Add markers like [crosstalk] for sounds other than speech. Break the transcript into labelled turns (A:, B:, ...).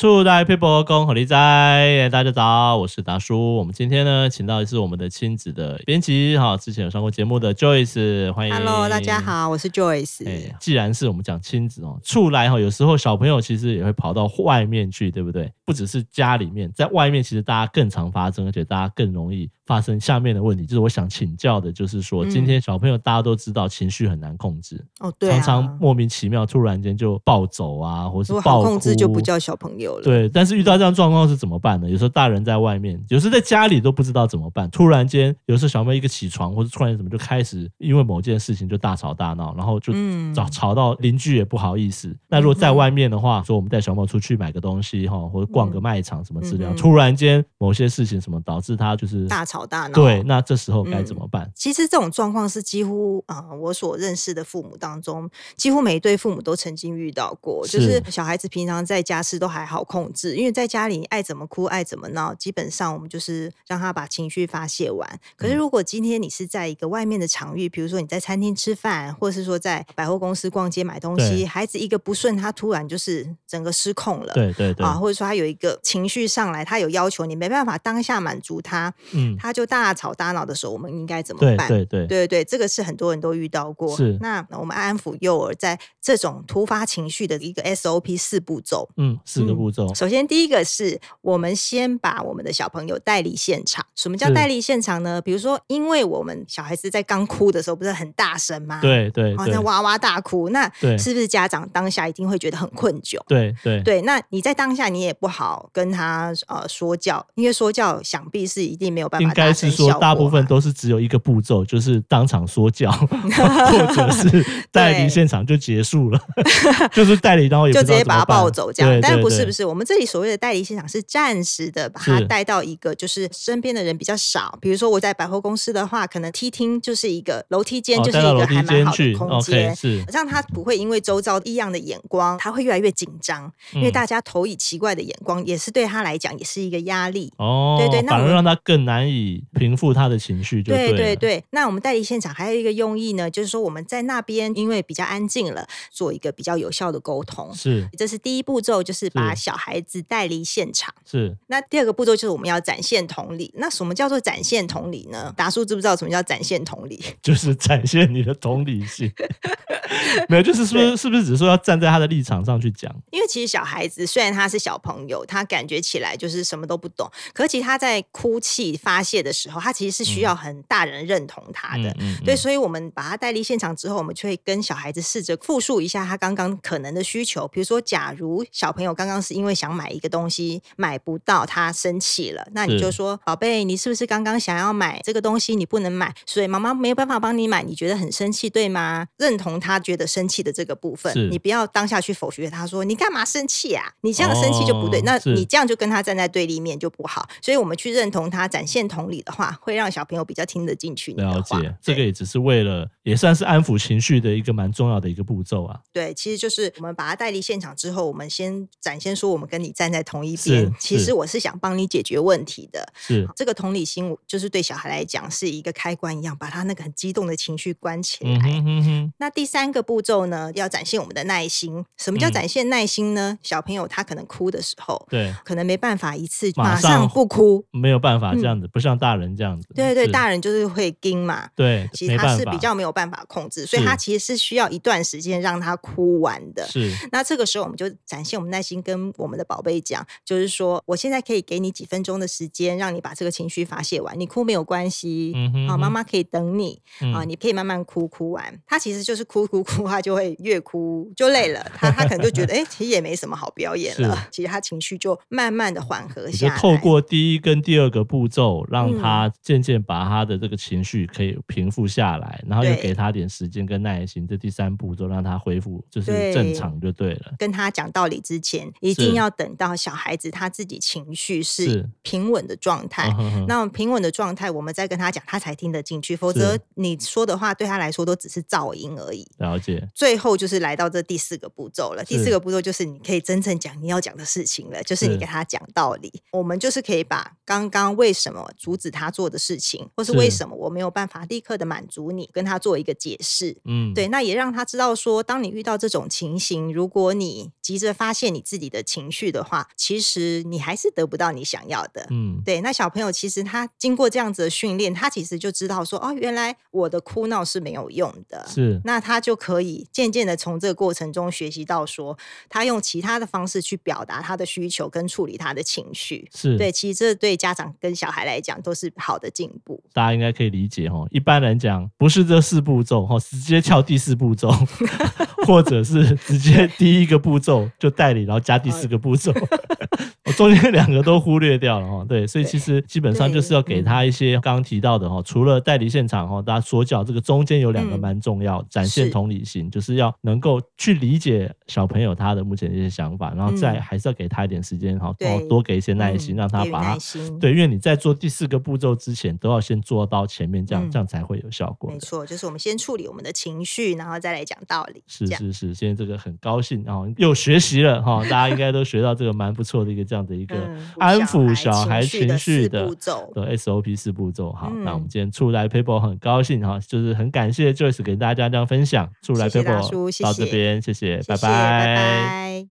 A: 初來配伯公何立哉，大家早，我是達叔。我們今天呢，請到的是我們的親子的編輯，好，之前有上過節目的 Joyce，歡迎。Hello，大家
B: 好，我是 Joyce。
A: 欸、既然是我們講親子哦，出來有時候小朋友其實也會跑到外面去，對不對？不只是家裡面，在外面其實大家更常發生，而且大家更容易發生下面的問題。就是我想請教的，就是說、嗯，今天小朋友大家都知道，情緒很難控制哦
B: 對、啊，常常
A: 莫名其妙，突然間就暴走啊，或是如果好控制就不叫小朋友。對，但是遇到這樣的狀況是怎麼辦呢、嗯？有時候大人在外面，有時候在家裡都不知道怎麼辦。突然間，有時候小妹一個起床，或者突然怎麼就開始因為某件事情就大吵大鬧，然後就吵吵到鄰居也不好意思、嗯。那如果在外面的話，嗯、說我們帶小妹出去買個東西哈，或者逛個賣場什麼之類，嗯、然後突然間某些事情什麼導致他就是大
B: 吵大鬧。對，那
A: 這時候該怎麼辦？嗯、其
B: 實這種狀況是幾乎啊、呃，我所認識的父母當中，幾乎每一對父母都曾經遇到過，是就是小孩子平常在家吃都還好。好控制，因為在家裡你愛怎麼哭愛怎麼鬧，基本上我們就是讓他把情緒發洩完。可是如果今天你是在一個外面的場域，比如說你在餐廳吃飯，或者是說在百貨公司逛街買東西，孩子一個不順，他突然就是整個失控
A: 了，對對對，啊，或
B: 者說他有一個情緒上來，他有要求你沒辦法當下滿足他，嗯，他就大吵大鬧的時候，我們應該怎麼辦？對對對對，對，對，這個是很多人都遇到過。是，那我們安撫幼兒在這種突發情緒的一個 SOP 四步驟，嗯，四個步驟。嗯首先，第一個是我們先把我們的小朋友帶離現場。什麼叫帶離現場呢？比如說，因為我們小孩子在剛哭的時候不是很大聲嗎？對對，好像哇哇大哭，那是不是家長當下一定會覺得很困窘？
A: 對對對，
B: 那你在當下你也不好跟他呃說教，因為說教想必是一定沒有辦法。應該是說，大部
A: 分都是只有一個步驟，就是當場說教， [laughs] 或者是帶離現場就結束了， [laughs] 就是帶離，然後也不就直接把他抱走這樣。對對對，但不是不是。
B: 是我們這裡所謂的代理現場是暫時的，把他帶到一個就是身邊的人比較少。比如說我在百貨公司的話，可能梯廳就是一個樓梯間，就是一個還蠻好的空間，哦、Okay, 是，讓他不會因為周遭異樣的眼光，他會越來越緊張，嗯，因為大家投以奇怪的眼光，也是對他來講也是一個壓力。哦，
A: 對對、對，那我們反而讓他更難以平復他的情緒。對對對，
B: 那我們代理現場還有一個用意呢，就是說我們在那邊因為比較安靜了，做一個比較有效的溝通。是，這是第一步驟，就是把是，小孩子帶離現場，是那第二個步驟，就是我們要展現同理。那什麼叫做展現同理呢？達叔知不知道什麼叫展現同理？
A: 就是展現你的同理心。 [laughs] [laughs] [laughs] 沒有，就是說，是不是只是說要站在他的立場上去講？
B: 因為其實小孩子雖然他是小朋友，他感覺起來就是什麼都不懂。可是其實他在哭泣發洩的時候，他其實是需要很大人認同他的。嗯、對，所以，我們把他帶離現場之後，我們就會跟小孩子試着復述一下他剛剛可能的需求。比如說，假如小朋友剛剛是因為想買一個東西買不到，他生氣了，那你就說：“寶貝，你是不是剛剛想要買這個東西？你不能買，所以媽媽沒有辦法幫你買，你覺得很生氣，對嗎？”認同他。他覺得生氣的這個部分，你不要當下去否決他說，說你幹嘛生氣啊？你這樣的生氣就不對，哦，那你這樣就跟他站在對立面就不好。所以我們去認同他，展現同理的話，會讓小朋友比較聽得進去你。了解
A: 這個也只是為了，也算是安撫情緒的一個蠻重要的一個步驟啊。
B: 對，其實就是我們把他帶離現場之後，我們先展現說我們跟你站在同一邊。其實我是想幫你解決問題的。是這個同理心，就是對小孩來講是一個開關一樣，把他那個很激動的情緒關起來。嗯嗯嗯。那第三。三個步驟呢，要展現我們的耐心。什麼叫展現耐心呢、嗯？小朋友他可能哭的時候，對，可能沒辦法一次馬上不
A: 哭，沒有辦法這樣子、嗯，不像大人這樣子。對
B: 對，對，大人就是會驚嘛。
A: 對，其實他是比較
B: 沒有辦法，辦法控制，所以他其實是需要一段時間讓他哭完的。是，那這個時候我們就展現我們耐心，跟我們的寶貝講，就是說，我現在可以給你幾分鐘的時間，讓你把這個情緒發洩完，你哭沒有關係，啊、嗯哼哼，媽媽可以等你，啊、嗯，你可以慢慢哭，哭完，他其實就是哭哭。哭他就會越哭就累了，他他可能就覺得哎、 [laughs] 欸，其實也沒什麼好表演了。其實他情緒就慢慢的緩和下來。透
A: 過第一跟第二個步驟，讓他漸漸把他的這個情緒可以平復下來，嗯、然後又給他點時間跟耐心。這第三步驟讓他恢復就是正常就對了。對，
B: 跟他講道理之前，一定要等到小孩子他自己情緒是平穩的狀態、嗯。那平穩的狀態，我們再跟他講，他才聽得進去。否則你說的話對他來說都只是噪音而已。
A: 了解，
B: 最後就是來到這第四個步驟了。第四個步驟就是你可以真正講你要講的事情了，就是你給他講道理。我們就是可以把剛剛為什麼阻止他做的事情，或是為什麼我沒有辦法立刻的滿足你，跟他做一個解釋。嗯，對，那也讓他知道說，當你遇到這種情形，如果你急着發洩你自己的情緒的話，其實你還是得不到你想要的。嗯，對。那小朋友其實他經過這樣子的訓練，他其實就知道說，哦，原來我的哭鬧是沒有用的。是，那他就。可以漸漸的從這個過程中學習到，說他用其他的方式去表達他的需求跟處理他的情緒，是，對，其實這對家長跟小孩來講都是好的
A: 進步。大家應該可以理解哦。一般來講不是這四步驟哈，直接跳第四步驟， [laughs] 或者是直接第一個步驟就代理，然後加第四個步驟， [laughs] [laughs] 中間兩個都忽略掉了哈。對，所以其實基本上就是要給他一些剛剛提到的哈，除了代理現場哈，大家左腳這個中間有兩個蠻重要、嗯，展現同。同理心就是要能夠去理解小朋友他的目前的一些想法，然後再還是要給他一點時間哈，多、嗯哦、多給一些耐心，嗯、讓他把他對，因為你在做第四個步驟之前，都要先做到前面，這樣、嗯、這樣才會有效果。
B: 沒錯，就是我們先處理我們的情緒，然後再來講道理是。是是
A: 是，現在這個很高興然後、哦、又學習了哈、哦，大家應該都學到這個蠻不錯的一個 [laughs] 這樣的一個安撫 [laughs] 小孩情緒的，情的步驟的 SOP 四步驟哈、嗯。那我們今天出來 paper 很高興哈、哦，就是很感謝 Joyce 給大家這樣分享。祝來蘋果到這邊，謝謝，謝謝，拜拜。謝謝，拜拜，
B: 拜拜。